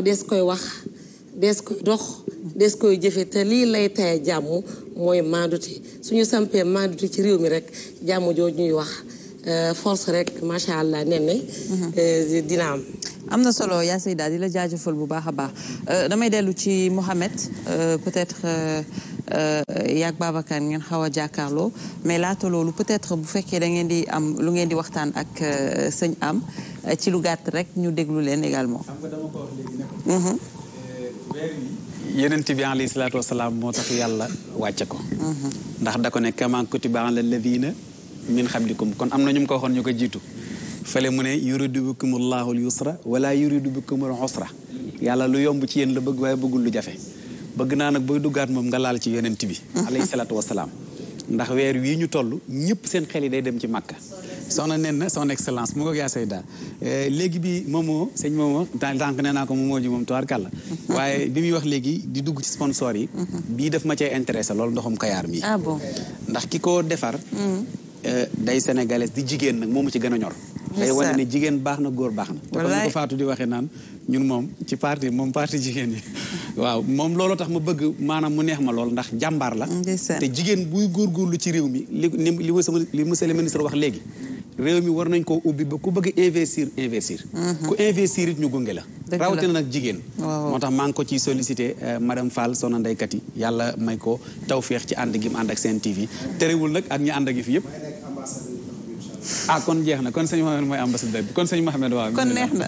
des koy wax des koy dox des koy jëfe te lii lay taye jàmm mooy maanduti suñu sampee maanduti ci réew mi rek jàmm jooju ñuy wax euh, force rek macha allah nen euh, dina am am na solo yaa daal di la jaajëfal bu baax a baax euh, damay dellu ci Mohamed peut-être yaag Babacar ngeen xaw a jàkkaarloo mais laata loolu peut-être bu fekkee da ngeen di am lu ngeen di waxtaan ak sëñ am Euh, ci lu gàtt rek ñu déglu leen également. xam nga dama ko wax mhm. euh, bi alayhi salaatu wasalaam moo tax yàlla wàcce ko. Mhm. ndax da ko ne kamaa kutiba alal xam di xablikum kon am na ñu mu ko waxoon ñu ko jiitu. fële mu ne yuridu bikum allahu al-yusra wala yuridu bikum al-usra yàlla lu yomb ci yéen la bëgg waaye bëggul lu jafe. bëgg naa nag booy duggaat moom nga laal ci yenent bi. Mhm. alayhi salaatu wasalaam. ndax weer wii ñu toll ñëpp seen xel yi day dem ci màkka soxna nen na son excellence mu ko yaa sayda eh, léegi bi moomoo sëñ moomoo tànk nee naa ko moo ji moom tuwaar kàlla waaye bi muy wax léegi di dugg ci sponsor yi mhm. bii daf ma cee intéressé loolu ndoxum kayaar mi ah bon ndax ki ko defar mhm. eh, day sénégalaise di jigéen nag moom mu ci gën a ñor day wane ne jigéen baax na góor baax na te comme ko Fatou di waxee naan ñun moom ci parti moom parti jigéen yi waaw moom looloo tax ma bëgg maanaam mu neex ma lool ndax jàmbaar la te jigéen buy góorgóorlu ci réew mi li li li sama li monsieur le ministre wax léegi réew mi war nañ koo ubbi ba ku bëgg investir investir mhm. ku investir it ñu gunge la rawatina nag jigéen moo tax maa ngi ko ciy sollicité eh, madame Fall soxna Ndeye Kati yàlla may ko tawféex ci ànd gi mu ànd ak seen TV terewul nag ak ñu ànd ak yi fi yëpp ah kon jeex na kon sañ Mohamed mooy am ambassadeur bi kon sañ Mohamed waaw. kon neex na.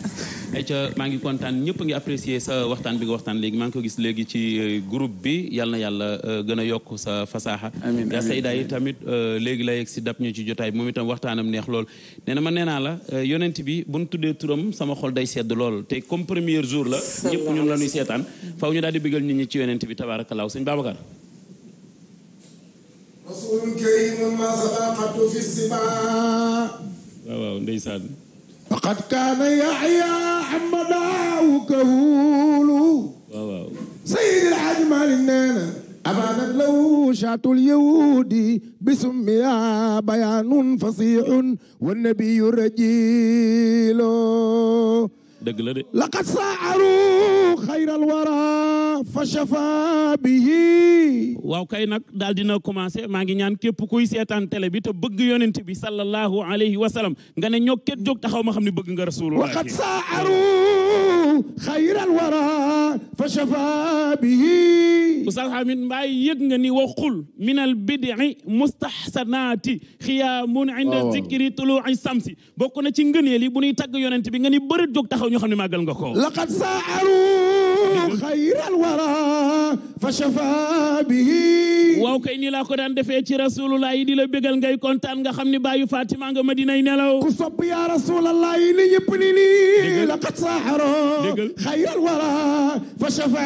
ayca maa ngi kontaan ñëpp ngi apprécier sa waxtaan bi nga waxtaan léegi maa ngi ko gis léegi ci euh, groupe bi yal na yàlla euh, gën a yokk sa fasaaxa. amiin yaa Seyda yi euh, léegi la yegg si dab ñu ci jotaay moom itam waxtaanam neex lool. nee na man nee naa la yonent bi bu ñu tuddee turam sama xol day sedd lool te comme première jour la. ñëpp ñun la seetaan. faw ñu daal di bégal ñi ci yonent bi tabaarakalaaw sëñ Babacar. rasulun karimun ma sadaqatu fi siba waaw waaw ndeysaan faqad kaana yaxya amadaawu kahuulu waaw waaw sayid alxaaji maalik nee na abaanat law shaatul yahuudi bisummiya bayaanun fasixun wa nabiyu rajiilo dëgg la de laqad saaru xayral wara fa shafa bihi waaw kay nag daal dina commencé maa ngi ñaan képp kuy seetaan télé bi te bëgg yonent bi sallallahu alayhi wa sallam nga ne ñoo ket jóg taxaw ma xam ne bëgg nga rasulullah waqad saaru xayral wara fa shafa bihi Oustaz Hamid Mbaye yëg nga ni waxul min al bid'i mustahsanaati xiyaamun inda zikri tulu'i samsi bokk na ci ngëneel yi bu ñuy tagg yonent bi nga ni bëri jóg taxaw ñu xam ne màggal nga ko laqad saaru xayr alwara fa shafa bihi waaw kay nii laa ko daan defee ci rasulullah yi di la bégal ngay kontaan nga xam ni bàyyu Fatima nga madinay nelaw ku sopp ya rasulullah yi ni ñëpp ni nii laqad saaxaro xayr alwara fa shafa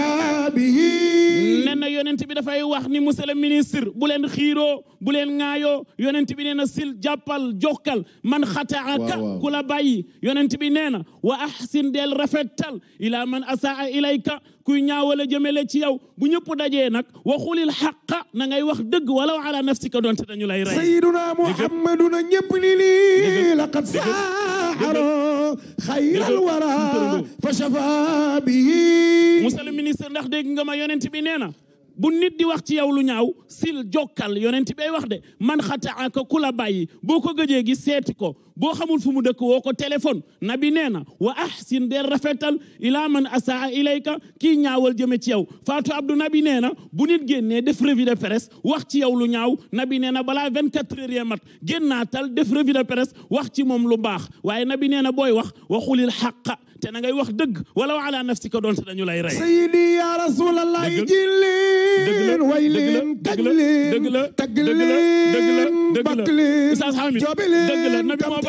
bihi nee na yonent bi dafay wax ni monsieur le ministre bu leen xiiroo bu leen ŋaayoo yonent bi nee na sil jàppal jokkal man xataaka ku la bàyyi yonent bi nee na wa ahsin del rafettal ila man asaa ilayka kuy ñaawale jëmele ci yow bu ñëpp dajee nag waxulil xaqa na ngay wax dëgg wala walaw ala nafsika doonte dañu lay rey sayyiduna muhammaduna ñëpp ni li laqad saaro xayral wara fa shafa bi monsieur le ministre ndax dégg nga ma yonent bi nee na bu nit di wax ci yow lu ñaaw sil jokkal yonent bay wax de man xataa ka ku la bàyyi boo ko gëjee gi seeti ko boo xamul fu mu dëkk woo ko téléphone nabi nee na wa ahsin del rafetal ila man asaa ilayka kii ñaawal jëme ci yow Fatou Abdou nabi nee na bu nit génnee def revue de wax ci yow lu ñaaw nabi nee na balaa 24 heures yee mat génnaatal tal revue de presse wax ci moom lu baax waaye nabi nee na booy wax waxulil xaqa te na ngay wax dëgg wala wa ala nafsika doon te dañu lay rey sayyidi ya rasulallah jillin waylin taglin taglin bakli jobili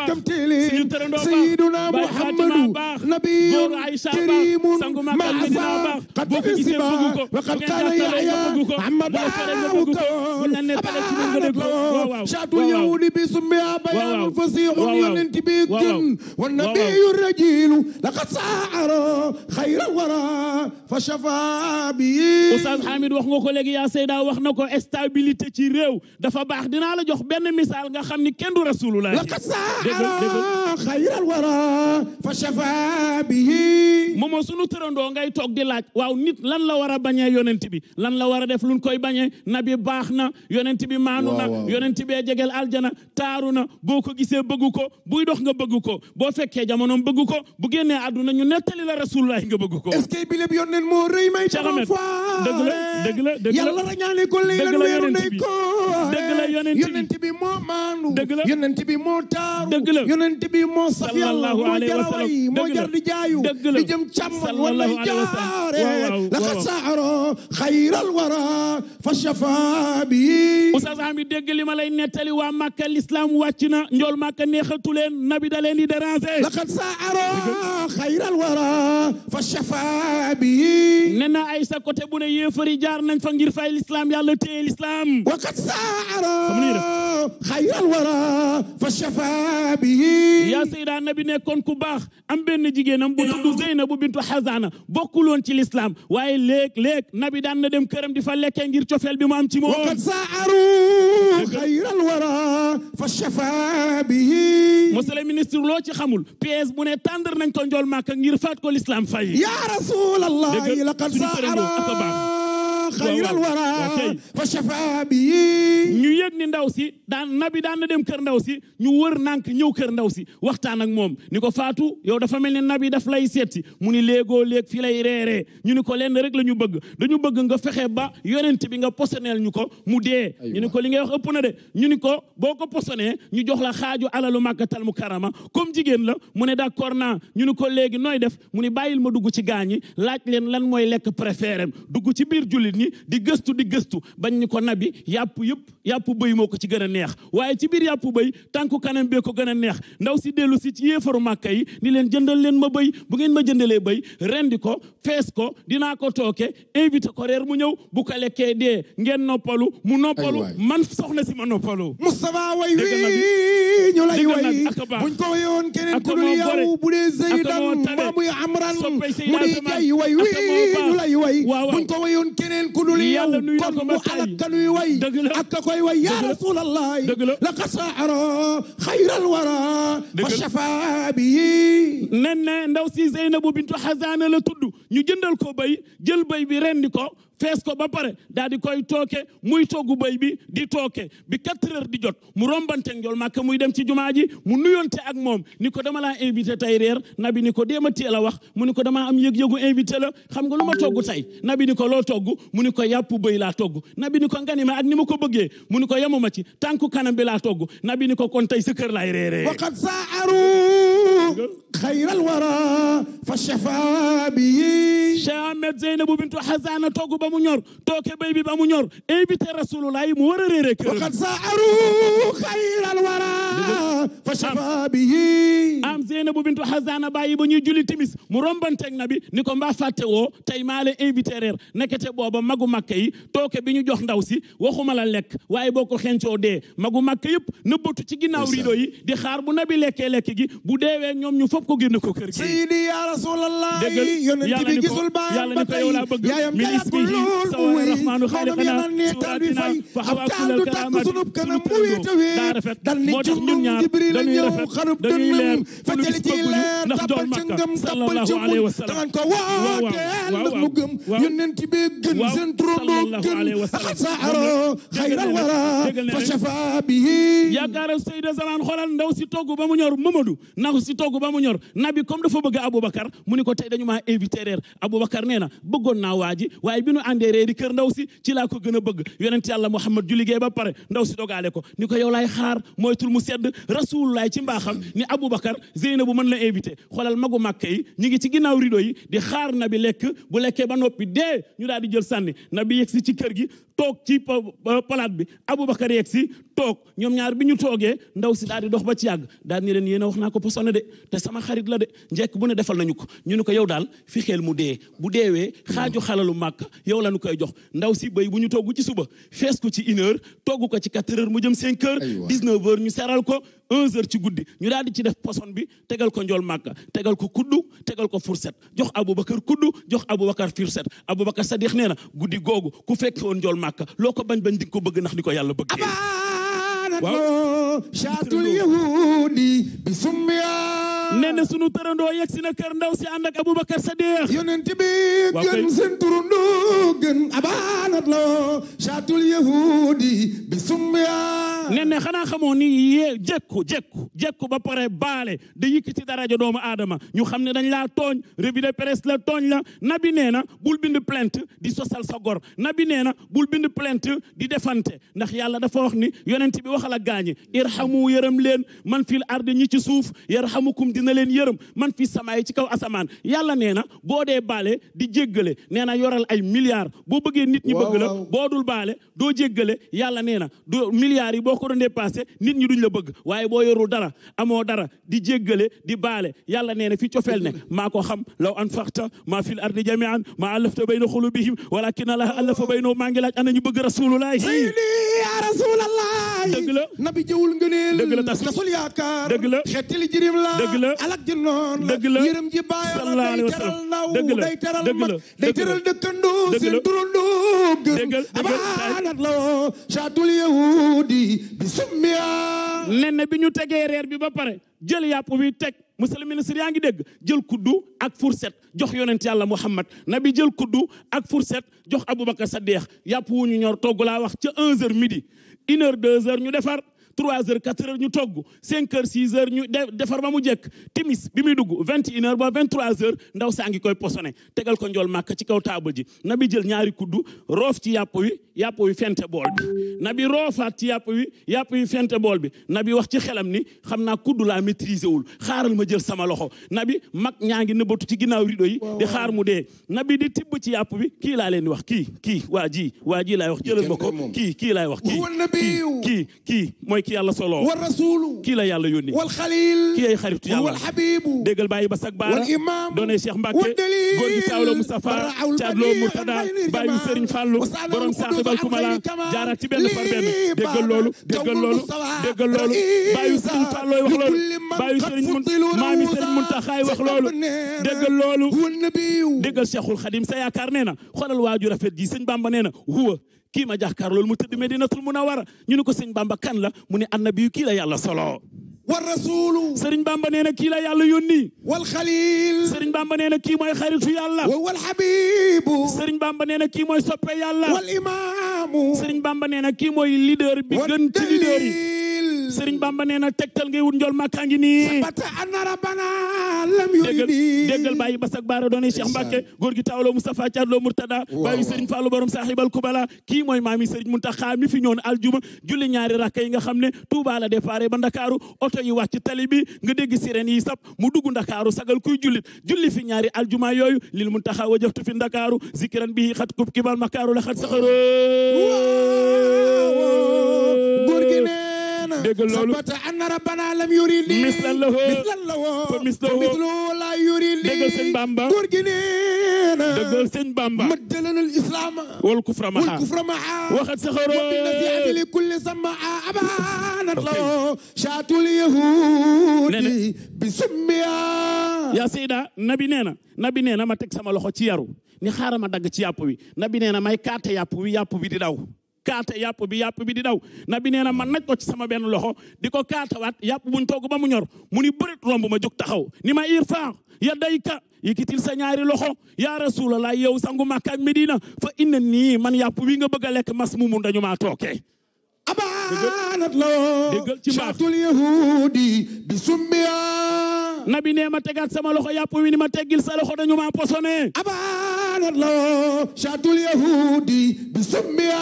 tam tili sayyiduna muhammadu nabiyun karimun ma'asa qad isiba wa qad kana yahya amad awkol abanat law shaatu yahudi bi summiya bayanun fasihun yonent bi gën wa nabiyu rajilu laqad saara xayra wara fa shafa bi Oustaz Hamid wax nga ko léegi yaa Seyda wax na ko stabilité ci réew dafa baax dinaa la jox benn misaal nga xam ni kenn du rasulullah laqad saara xayral wara fa shafa bi sunu tërandoo ngay toog di laaj waaw nit lan la war a bañee yonent bi lan la war a def luñ koy bañee nabi baax na yonent bi maanu na yonent bee jegel aljana taaru na boo ko gisee bëgg ko buy dox nga bëgg ko boo fekkee jamonoom bëgg ko bu génnee àdduna ñu nettali la rasulullah nga bëgg ko ñaaneen moo rëy may ca ma faare dëgg la dëgg la yàlla la ñaane ko leeral weeru ndey koor dëgg la yonent bi moo maandu dëgg la yonent bi moo taaru dëgg la yonent bi moo saf yàlla moo jaraway moo jar di jaayu di jëm càmmal wala jaare laqad saaro xayral wara fa shafa bi oustaz Ami dégg li ma lay nettali waa Màkka l'islam wàcc na njool Màkka neexatu leen nabi da leen di déranger laqad saaro xayral wara fa shafa bi nee na ay sa côté bu ne yéefari jaar nañ fa ngir fay l'islam yàlla téye l'islam waqad saara xayral wara fa shafa bi yaa sayda nabi nekkoon ku baax am benn jigéenam bu tudd Zeynabu bintu Xazaana bokkuloon ci l'islam waaye léeg-léeg nabi daan na dem këram di fa lekkee ngir cofeel bi mu am ci moom waqad saaru xayral wara fa shafa bi monsieur le ministre loo ci xamul pièce bu ne tàndar nañ ko njool màkk ngir faat ko l'islam fay ya rasulallah yi laqad saa araa xayral wara fa shafa bi ñu yëg ni ndaw si daan nabi daan na dem kër ndaw si ñu wër nànk ñëw kër ndaw si waxtaan ak moom ni ko faatu yow dafa mel ni nabi daf lay seetsi mu ni léegoo léeg fii lay reeree ñu ni ko leen rek la ñu bëgg dañu bëgg nga fexee ba yonent bi nga posoneel ñu ko mu dee ñu ni ko li nga wax ëpp na de ñu ni ko boo ko posonee ñu jox la xaaju alalu màkkatal mu karama comme jigéen la mu ne d'accord naa ñu ni ko léegi nooy def mu ni bàyyil ma dugg ci gaañi laaj leen lan mooy lekk préféré dugg ci biir jullit ni di gëstu di gëstu bañ ñu ko nabi yàpp yëpp yàpp bëy moo ko ci gën a neex waaye ci biir yàpp bëy tànku kanam bee gën a neex ndaw si dellu si ci yéefaru màkka ni leen jëndal leen ma bëy bu ngeen ma jëndalee bëy rendi ko fees ko dinaa ko tooke invité ko reer mu ñëw bu ko lekkee dee ngeen noppalu mu noppalu man soxna si ma noppalu Moustapha way wi ñu lay way buñ ko wayoon keneen ku dul yow bu dee Zeydan maamuy Amran mu di kay way wi ñu lay way buñ ko wayoon keneen keneen ku dul yow kon mu alak kanuy way ak ka koy way ya rasulallah laqad saara xayral wara fa shafa bi nen ne ndaw si Zeynabu bintu Xazaana la tudd ñu jëndal ko bay jël bay bi rendi ko fees ko ba pare daal di koy tooke muy toggu béy bi di tooke bi quatre heures di jot mu rombante njol màkka muy dem ci jumaa ji mu nuyonte ak moom ni ko dama laa invité tey reer nabi ni ko déema teel a wax mu ni ko damaa am yëg-yëgu la xam nga lu ma togg tey nabi ni ko loo togg mu ni ko yàpp béy laa togg nabi ni ko ngani ma ak ni ma ko bëggee mu ni ko yemuma ci tànku kanam bi laa togg nabi ni ko kon tey sa kër laay reeree waqad saaru xayral wara fa shafa bi Cheikh Ahmed Zeynabou bintu Hasana togg ba ba mu ñor tooke béy bi ba mu ñor invité rasulullah mu war a réeré kër waqad sa'aru xayral wara fa shababihi am Zeynabu bintu Xazaana bàyyi ba ñuy julli timis mu rombanteeg na bi ni ko mbaa fàtte woo tey maa la invité reer nekkete booba magu makka yi tooke bi ñu jox ndaw si waxuma la lekk waaye boo ko xencoo dee magu makka yëpp nëbbatu ci ginnaaw rido yi di xaar bu nabi lekkee lekk gi bu deewee ñoom ñu fop ko génn ko kër gi sayyidi ya rasulallah yonent gisul ba tey sawara rahmaanu xaaliqanaa suuraatinaa fa xawaakunal karaamaati moo tax ñun ñaar dañuy rafet dañuy leer ku nu gis bëgguñu ndax doon Makka sallallahu alayhi wa sallam waaw waaw yonent bi gën seen turandoo gën saaro xayral wara fa shafa bihi yaakaara Seyda Zaman xoolal ndaw si togg ba mu ñor Mamadou ndaw si togg ba mu ñor nabi comme dafa bëgg Aboubacar mu ni ko tey dañu maa invité reer Aboubacar nee na bëggoon naa waa ji waaye bi nu àndee reeri kër ndaw si ci laa ko gën a bëgg yonent yàlla Muhammad ju liggéey ba pare ndaw si dogaale ko ni ko yow laay xaar moytul mu sedd rasulullaay ci mbaaxam ni Aboubacar Zeynabu mën la invité xoolal magu màkk yi ñu ngi ci ginnaaw rido yi di xaar na bi lekk bu lekkee ba noppi dee ñu daal jël sànni na bi ci kër gi toog ci palaat bi Aboubacar yegg si toog ñoom ñaar bi ñu toogee ndaw si daal di dox ba ci yàgg daal ni leen yéen a wax naa ko posone de te sama xarit la de njekk bu ne defal yow la ñu koy jox ndaw si béy bu ñu togg ci suba fees ko ci une heure ko ci quatre heures mu jëm cinq heures dix neuf heures ñu seral ko un ci guddi ñu daal di ci def poson bi tegal ko njool màkka tegal ko kuddu tegal ko fourchette jox aboubacar kuddu jox aboubacar fourchette aboubacar sadiq nee na guddi googu ku fekk woon njool màkka loo ko bañ bañ di ko bëgg ndax ni ko yàlla bëggee shaatul yahudi bi sumbiya nee na sunu tërandoo yegg si na kër ndaw si ànd ak Aboubacar Sadiq yonent bi gën seen turandoo gën abaanat loo shaatul yahudi bi sumbiya nee na xanaa xamoo ni yee jekku jekku jekku ba pare baale da yëkkati daraja doomu aadama ñu xam ne dañ laa tooñ revue de presse la tooñ la nabi nee na bul bind plainte di sosal sa gor nabi nee na bul bind plainte di defante ndax yàlla dafa wax ni yonent bi waxal ak gaañi yarhamu yërëm leen man fil ardi ñi ci suuf yarhamukum dina leen yërëm man fi samaay ci kaw asamaan yàlla nee na boo dee baale di jéggale nee na yoral ay milliards boo bëggee nit ñi bëgg la boo dul baale doo jéggale yàlla nee na du milliards yi boo ko doon dépassé nit ñi duñ la bëgg waaye boo yorul dara amoo dara di jéggale di baale yàlla nee na fi cofeel ne maa xam law anfaqta maa fil ardi jami'an maa allafta bayna xulubihim walakin allah allafa baynahum maa ngi laaj ana ñu bëgg rasulullah yi ya rasulullah dëgg la nabi tasul ngëneel dëgg la tasul yaakaar dëgg la xettali jirim la dëgg la alak ji noon dëgg la yërëm ji bàyyoon day teral ndaw day teral mag day teral dëkkandoo seen turandoo gëm abaanat la woo saatul yahudi bi summiya nen bi ñu tegee reer bi ba pare jël yàpp wi teg monsieur le ministre yaa ngi dégg jël kuddu ak fourchette jox yonent yàlla Muhammad nabi jël kuddu ak fourchette jox Aboubacar Saddeex yàpp wu ñu ñor togg laa wax ca 11h midi une heure deux heures ñu defar 3 heures 4 heures ñu togg 5 heures 6 heures ñu defar ba mu jekk timis bi muy dugg 21 heures ba 23 heures ndaw saa ngi koy posone tegal ko njool màkk ci kaw taabal ji na bi jël ñaari kuddu roof ci yàpp wi yàpp wi fente bool bi na bi roofaat ci yàpp wi yàpp wi fente bool bi na bi wax ci xelam ni xam naa kuddu laa maîtriser wul xaaral ma jël sama loxo na bi mag ñaa ngi nëbbatu ci ginnaaw rido yi di xaar mu dee na bi di tibb ci yàpp bi kii laa leen di wax kii kii waa ji waa ji laay wax jëlal ma ko kii kii laay wax ci yàlla solo wa rasulu kii la yàlla yónni wal xalil kii ay xaritu yàlla wal xabibu déggal bàyyi ba sag baara wal imam doone Cheikh Mbacke góor gi Saawlo Moustapha Caadlo Murtada bàyyi Serigne Fallou borom saaxibal kumala jaaraat ci benn par benn déggal loolu déggal loolu déggal loolu bàyyi Serigne Fallooy wax loolu bàyyi Serigne mun maami Serigne Muntaxaay wax loolu déggal loolu déggal Cheikhul Xadim sa yaakaar nee na xoolal waaju rafet ji sëñ Bamba nee na huwa kii ma jàkkaar loolu mu tëdd Medinatul Munawara ñu ne ko sëñ Bamba kan la mu ne annabi kii la yàlla solo war rasulu sëriñ Bamba nee na kii la yàlla yónni wal xalil sëriñ Bamba nee na kii mooy xaritu yàlla wal xabibu sëriñ Bamba nee na kii mooy soppe yàlla wal imaamu sëriñ Bamba nee na kii mooy leader bi Serigne Bamba nee na tegtal ngay wut njool màkkaa ngi nii déggal bàyyi basak baara doonay Cheikh Mbacke góor gi taawloo Moustapha Thiat loo Murtada bàyyi Serigne Fallou borom saaxibal kubala kii mooy maami Serigne Mountakha mi fi ñoon aljuma julli ñaari rakka yi nga xam ne Touba la départ ba Ndakaaru oto yi wàcc tali bi nga dégg sirène yi sap mu dugg Ndakaaru sagal kuy jullit julli fi ñaari aljuma yooyu lil Mountakha wajaftu fi Ndakaaru zikiran bi xat kub kibal makaaru la xat dégg loolu sabata anna rabbana lam yuri li mislan lahu mislan lahu mislan lahu la yuri li dégg sëñ Bamba góor gi nee na dégg sëñ Bamba maddalana al islam wal kufra maha wal kufra maha waxat saxaro wa bi nasiati li kulli samaa abanat lahu shaatul yahudi bi summiya yaa sayda nabi nee na nabi nee na ma teg sama loxo ci yaru ni xaaral ma dagg ci yàpp wi nabi nee na may kaate yàpp wi yàpp bi di daw kaata yàpp bi yàpp bi di daw na bi nee na man naj ko ci sama benn loxo di ko kaatawaat yàpp buñ togg ba mu ñor mu ni bërit romb ma jóg taxaw ni ma irfa ya dayka yëkkitil sa ñaari loxo yaa rasulallah yow sangu Makka ak Medina fa inna nii man yàpp wi nga bëgg lekk mas mumun dañu maa tookee abaanat law déggal ci shaatul yahudi bi sumbiya nabi nee ma tegaat sama loxo yàpp wi ni ma teggil sa loxo dañu ma posone abaanat law shaatul yahudi bi sumbiya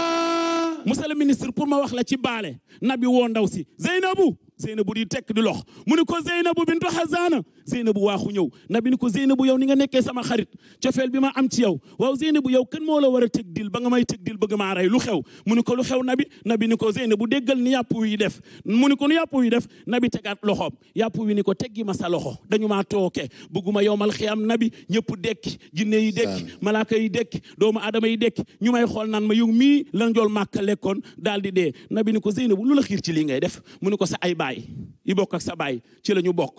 monsieur le ministre pour ma wax la ci baale nabi woo ndaw si Zeynabu Zeynabu di tekk di lox mu ni ko Zeynabu bintu Xazaana Zeynabu waaxu ñëw nabi ni ko Zeynabu yow ni nga nekkee sama xarit cofeel bi ma am ci yow waaw Zeynabu yow kan moo la war a teg dil ba nga may teg dil bëgg maa rey lu xew mu ni ko lu xew nabi nabi ni ko Zeynabu deggal ni yàpp wi def mu ni ko nu yàpp wi def nabi tegaat loxoom yàpp wi ni ko teggi ma sa loxo dañu maa tooke bëgguma yow mal xiyaam nabi ñëpp dekk jinne yi dekki malaaka yi dekki doomu aadama yi dekk ñu may xool naan ma yow mii la njool màkka lekkoon daal di dee nabi ni ko Zeynabu lu la xiir ci lii ngay def mu ni ko sa ay baay yi bokk ak sa baay ci la ñu bokk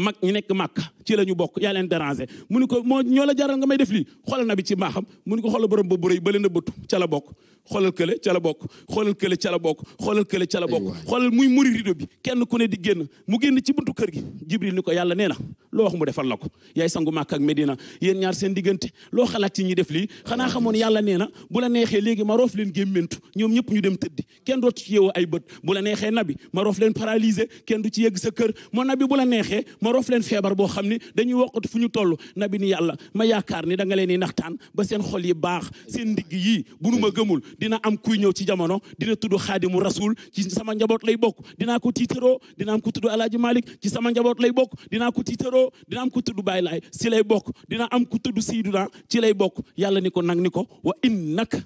mag ñi nekk mag ci la ñu bokk yaa leen déranger mu ni ko moo ñoo la jaral nga may def lii xoolal na bi ci maaxam mu ni ko xoolal borom ba bu rëy ba leen a la bokk xoolal kële ca la bokk xoolal kële ca la bokk xoolal kële ca la bokk xoolal muy muri rido bi kenn ku ne di génn mu génn ci buntu kër gi jibril ni ko yàlla nee na loo wax mu defal la ko yaay sangu Màkka ak Medina yéen ñaar seen diggante loo xalaat yi ñi def lii xanaa xamoon yàlla nee na bu la neexee léegi ma roof leen gémmentu ñoom ñëpp ñu dem tëddi kenn dootu ci yeewoo ay bët bu la neexee nabi ma roof leen paralysé kenn du ci yegg sa kër moo nabi bu la neexee ma roof leen feebar boo xam ni dañuy woqatu fu ñu toll nabi ni yàlla ma yaakaar ni da leen di naxtaan ba seen xol yi baax seen yii bu gëmul dina am kuy ñëw ci jamono dina tudd xaadimu rasul ci sama njaboot lay bokk dinaa ko tiitaroo dina am ku tudd alaaji malik ci sama njaboot lay bokk dinaa ko tiitaroo dina am ku tudd baay laay si lay bokk dina am ku tudd siiduna ci lay bokk yàlla ni ko nag ni ko wa innaka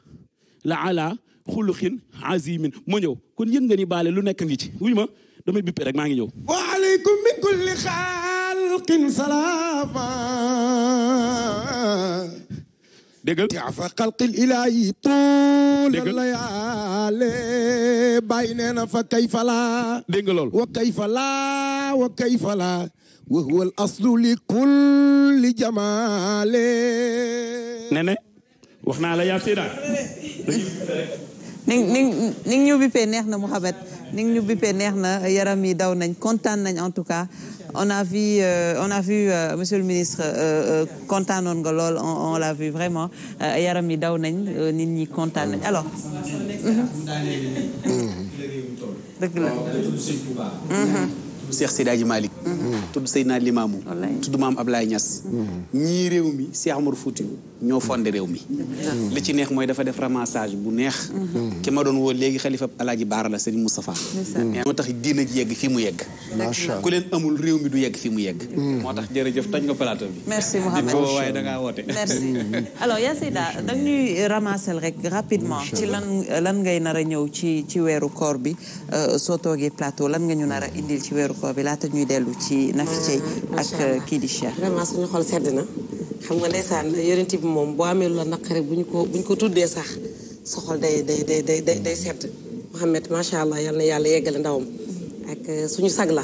la ala xuluqin azimin ma ñëw kon yëg nga ni baale lu nekk ngi ci wuy ma damay bippe rek maa ngi ñëw wa aleykum min kulli xalqin salaama déggal tiafa xalqil ilaahi tuulal layaale bàyyi nee na fa kayfa laa dégg nga lool wa kayfa laa wa kayfa laa wa huwa al aslu li kulli jamaale nene wax naa la yaa sira ni ni ni ñu bippee neex na Mouhamed ni ñu bippee neex na yaram yi daw nañ kontaan nañ en tout cas on a vu euh, on a vu euh, monsieur le ministre euh, euh, kontaanoon nga lool on l'a vu vraiment euh, yaram yi daw nañ nit ñi kontaan nañ alors. Mm-hmm. tudd Seex Seydaaji Malick mm-hmm. tudd Seydina Limaamu tudd Maam Ablaye Niass mm-hmm. ñii réew mi Seex Umar Fuutiyu ñoo fondé réew mi mm-hmm. li ci neex mooy dafa def ramassage bu neex ki ma doon woo léegi xalifa alaaji baara la Serigne Moustapha moo tax diina ji yegg fii mu yegg ku leen amul réew mi du yegg fii mu yegg moo tax jërëjëf tañ nga plateau bi merci Mouhamed waaye dangaa woote merci alors yaa Seyda da ñuy ramassel rek rapidement ci lan lan ngay nar a ñëw ci weeru koor bi euh, soo toogee plateau lan nga a koor bi laata ñuy dellu ci Nafi ci ak euh, kii di Cheikh vraiment suñu xol sedd na xam nga ndeysaan yonent bi moom boo amee lu la naqare bu ñu ko bu ñu ko tuddee sax sa xol day day day day day day sedd Mouhamed macha allah yal na yàlla yeggale ndawam ak euh, suñu sag la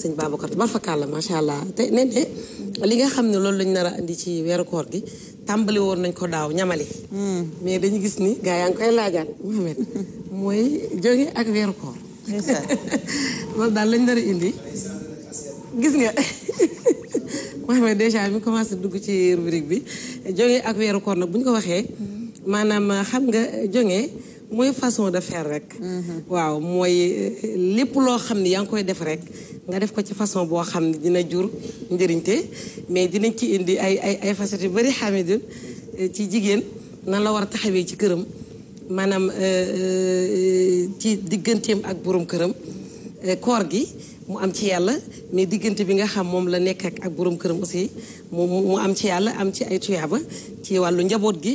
sëñ Babacar barfakàlla macha allah te ne li nga xam ne loolu lañ nar a indi ci weeru koor gi tàmbali woon nañ ko daaw ñamali hmm. mais dañu gis ni gaa yaa ngi koy laajaat Mouhamed mooy jóge ak weeru koor loolu daal lañ dara indi gis nga ma déjà mi commencé dugg ci rubrique bi jóge ak weeru koor nag bu ñu ko waxee mhm. maanaam euh, xam nga jóge mooy façon de faire rek mhm. waaw mooy euh, lépp loo xam ne yaa ngi koy def rek nga def ko ci façon boo xam ne dina jur njëriñte mais dinañ ci indi ay ay ay facettes yu bari xamidun euh, ci jigéen nan la war a taxawee ci këram maanaam euh, euh, ci digganteem ak borom këram euh, koor gi mu am ci yàlla mais diggante bi nga xam moom la nekk ak ak borom këram aussi mu mu am ci yàlla am ci ay tuyaaba ci wàllu njaboot gi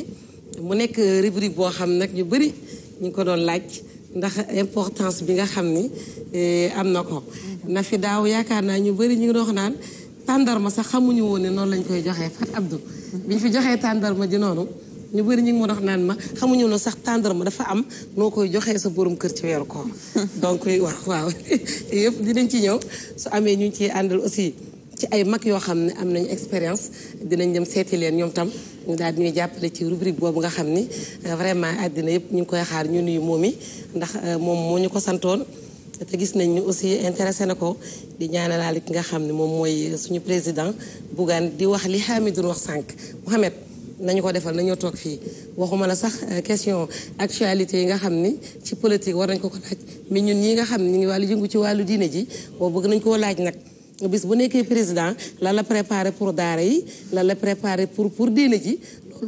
mu nekk rubrique boo xam nag ñu bëri ñu ngi ko doon laaj ndax importance bi nga xam ni am na ko. Mm-hmm. na fi daaw yaakaar naa ñu bëri ñu ngi doon wax naan tàndarma sax xamuñu woon ne noonu lañ koy joxee Fat Abdou. Mm-hmm. biñ fi joxee tàndarma ji noonu. ñu bëri ñu ngi ma dox naan ma xamuñu ne sax tàndarma dafa am noo koy joxee sa borom kër ci weeru koor donc waaw waaw yëpp dinañ ci ñëw su amee ñu ngi ciy àndal aussi ci ay mag yoo xam ne am nañu expérience dinañ dem seeti ñoom tam ñu ñuy jàppale ci rubrique boobu nga xam ni euh, vraiment àddina yëpp ñu ngi koy xaar ñu nii moom yi ndax euh, moom moo ñu ko santoon te gis nañ ñu aussi intéressé na ko di ñaanalaale ki nga xam ne moom mooy euh, suñu président Bougane di wax li Hamidou wax sànq Mohamed nañu ko defal nañoo toog fii waxuma la sax euh, question actualité yi nga xam ni ci politique war nañ ko ko laaj mais ñun ñi nga xam ni ñu ngi wàllu jëngu ci wàllu diine ji boo bëgg nañ koo laaj nag bis bu nekkee président lan la préparé pour daara yi lan la préparé pour pour diine ji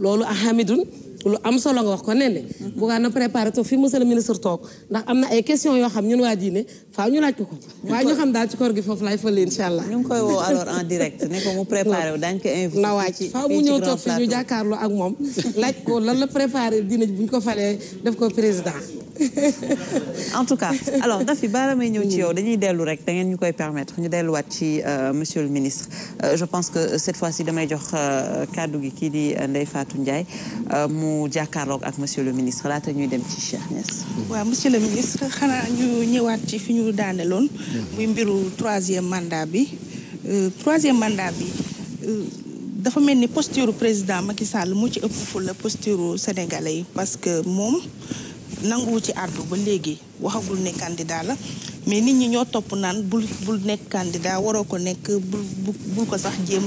loolu ahamidun lu am solo nga wax ko nee ne bugaa na préparé toog fii monsieur le ministre toog ndax am na ay question yoo xam ñun waa diine faaw ñu laaj ko ko waaye ñu xam daal ci koor gi foofu laay fële incha allah ñu ngi koy woo ko mu préparé wu daañu ko na waaj faaw mu ñëw toog fi ñu jàkkaarloo ak moom laaj ko lan la préparé diine bu ñu ko falee def ko président en tout cas alors Nafi baara may ñëw ci yow dañuy dellu rek da ngeen ñu koy permetre ñu delluwaat ci euh, monsieur le ministre euh, je pense que euh, cette fois-ci damay jox kàddu gi kii di Ndeye faatu Ndiaye mu jàkkaarloog ak mosieur le ministre laata ñuy dem ci Cheikh waaw monsieur le ministre xanaa ñu ñëwaat ci fi ñu daaneloon. muy mbiru troisième mandat bi. troisième mandat bi dafa mel ni posture président Macky Sall mu ci ëpp fu la posture yi parce que moom. nanguwu ci àddu ba léegi waxagul ne candidat la mais nit ñi ñoo topp naan bul bul nekk candidat waroo ko nekk bul bul ko sax jéem